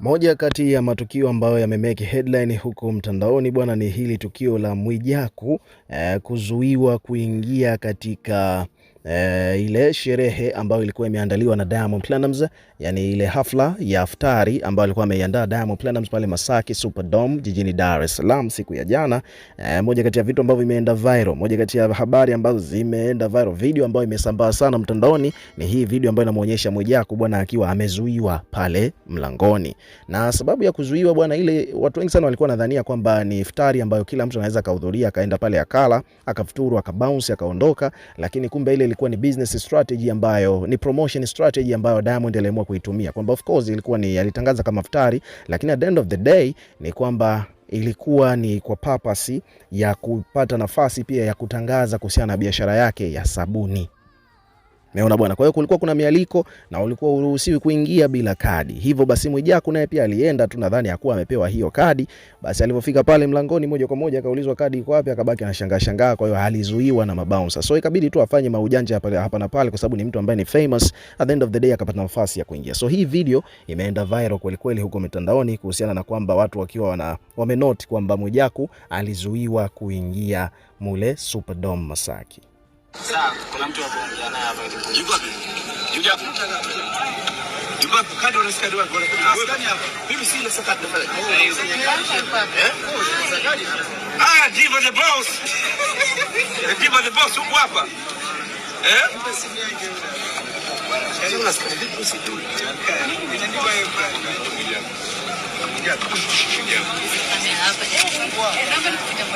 Moja kati ya matukio ambayo yamemeki headline huko mtandaoni bwana, ni hili tukio la Mwijaku eh, kuzuiwa kuingia katika e, ile sherehe ambayo ilikuwa imeandaliwa na Diamond Platinumz, yani ile hafla ya iftari ambayo alikuwa ameiandaa Diamond Platinumz pale Masaki Superdome jijini Dar es Salaam siku ya jana. E, moja kati ya vitu ambavyo vimeenda viral, moja kati ya habari ambazo zimeenda viral, video ambayo imesambaa sana mtandaoni ni hii video ambayo inamuonyesha Mwijaku bwana akiwa amezuiwa pale mlangoni, na sababu ya kuzuiwa bwana, ile watu wengi sana walikuwa nadhania kwamba ni iftari ambayo kila mtu anaweza akahudhuria akaenda pale akala akafuturu akabounce akaondoka, lakini kumbe ile ilikuwa ni business strategy ambayo ni promotion strategy ambayo Diamond aliamua kuitumia, kwamba of course ilikuwa ni alitangaza kama futari, lakini at the end of the day ni kwamba ilikuwa ni kwa purpose ya kupata nafasi pia ya kutangaza kuhusiana na biashara yake ya sabuni. Naona bwana. Kwa hiyo kulikuwa kuna mialiko na ulikuwa uruhusiwi kuingia bila kadi. Hivyo basi Mwijaku naye pia alienda tu, nadhani hakuwa amepewa hiyo kadi. Basi alipofika pale mlangoni moja kwa moja akaulizwa kadi iko wapi, akabaki anashangaa shangaa. Kwa hiyo alizuiwa na mabouncer. So ikabidi tu afanye maujanja hapa, hapa na pale kwa sababu ni mtu ambaye ni famous. At the end of the day akapata nafasi ya kuingia. So hii video imeenda viral kweli kweli huko mitandaoni kuhusiana na kwamba watu wakiwa wana wamenoti kwamba Mwijaku alizuiwa kuingia mule Superdome Masaki. Sawa, kuna mtu hapo anaongea naye hapa. Yuko wapi? Yuko wapi? Yuko wapi? Kadi unasikia wapi? Unasikia hapa. Mimi si ile sakata nafanya. Eh? Ah, Diva the boss. Diva eh, the boss uko hapa. Eh? Yaani unasikia vipi usijui? Hapa. Eh, hapa.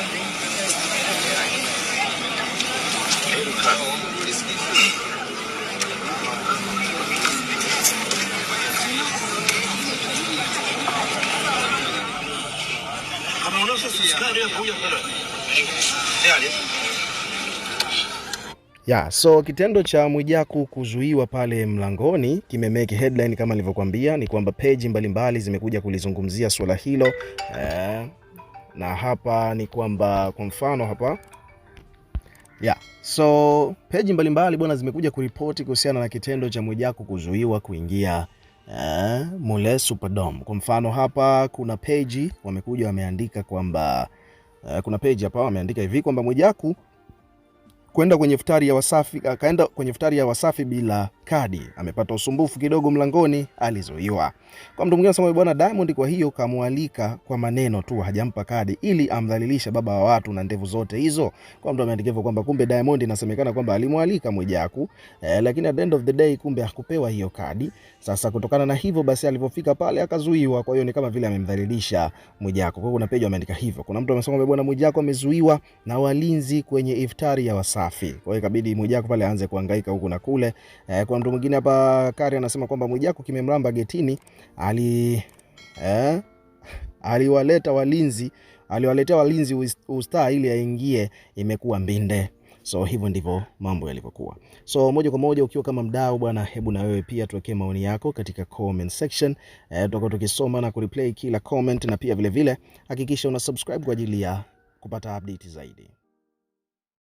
Ya, so kitendo cha Mwijaku kuzuiwa pale mlangoni kimemake headline kama nilivyokuambia, ni kwamba peji mbalimbali zimekuja kulizungumzia suala hilo eh, na hapa ni kwamba kwa mfano hapa Yeah. So peji mbalimbali bwana zimekuja kuripoti kuhusiana na kitendo cha Mwijaku kuzuiwa kuingia eh, Mule Superdome. Kwa mfano hapa kuna peji wamekuja wameandika kwamba eh, kuna peji hapa wameandika hivi kwamba Mwijaku kwenda kwenye futari ya Wasafi akaenda kwenye futari ya Wasafi bila kadi, amepata usumbufu kidogo mlangoni, alizuiwa. Kwa mtu mwingine anasema bwana Diamond, kwa hiyo kamwalika kwa maneno tu, hajampa kadi ili amdhalilisha baba wa watu na ndevu zote hizo. Kwa mtu ameandika hivyo kwamba kumbe Diamond inasemekana kwamba alimwalika Mwijaku eh, lakini at the end of the day kumbe hakupewa hiyo kadi. Sasa kutokana na hivyo basi alipofika pale akazuiwa, kwa hiyo ni kama vile amemdhalilisha Mwijaku. Kwa hiyo kuna page ameandika hivyo. Kuna mtu amesema bwana Mwijaku amezuiwa na walinzi kwenye iftari ya Wasafi, kwa hiyo ikabidi Mwijaku pale aanze kuhangaika huku na kule eh, kwa mtu mwingine hapa Kari anasema kwamba Mwijaku kimemlamba getini ali eh, aliwaleta walinzi aliwaletea walinzi ustaa ili aingie, imekuwa mbinde. So hivyo ndivyo mambo yalivyokuwa. So moja kwa moja, ukiwa kama mdau bwana, hebu na wewe pia tuwekee maoni yako katika comment section eh, tutakuwa tukisoma na kureplay kila comment, na pia vilevile hakikisha una subscribe kwa ajili ya kupata update zaidi.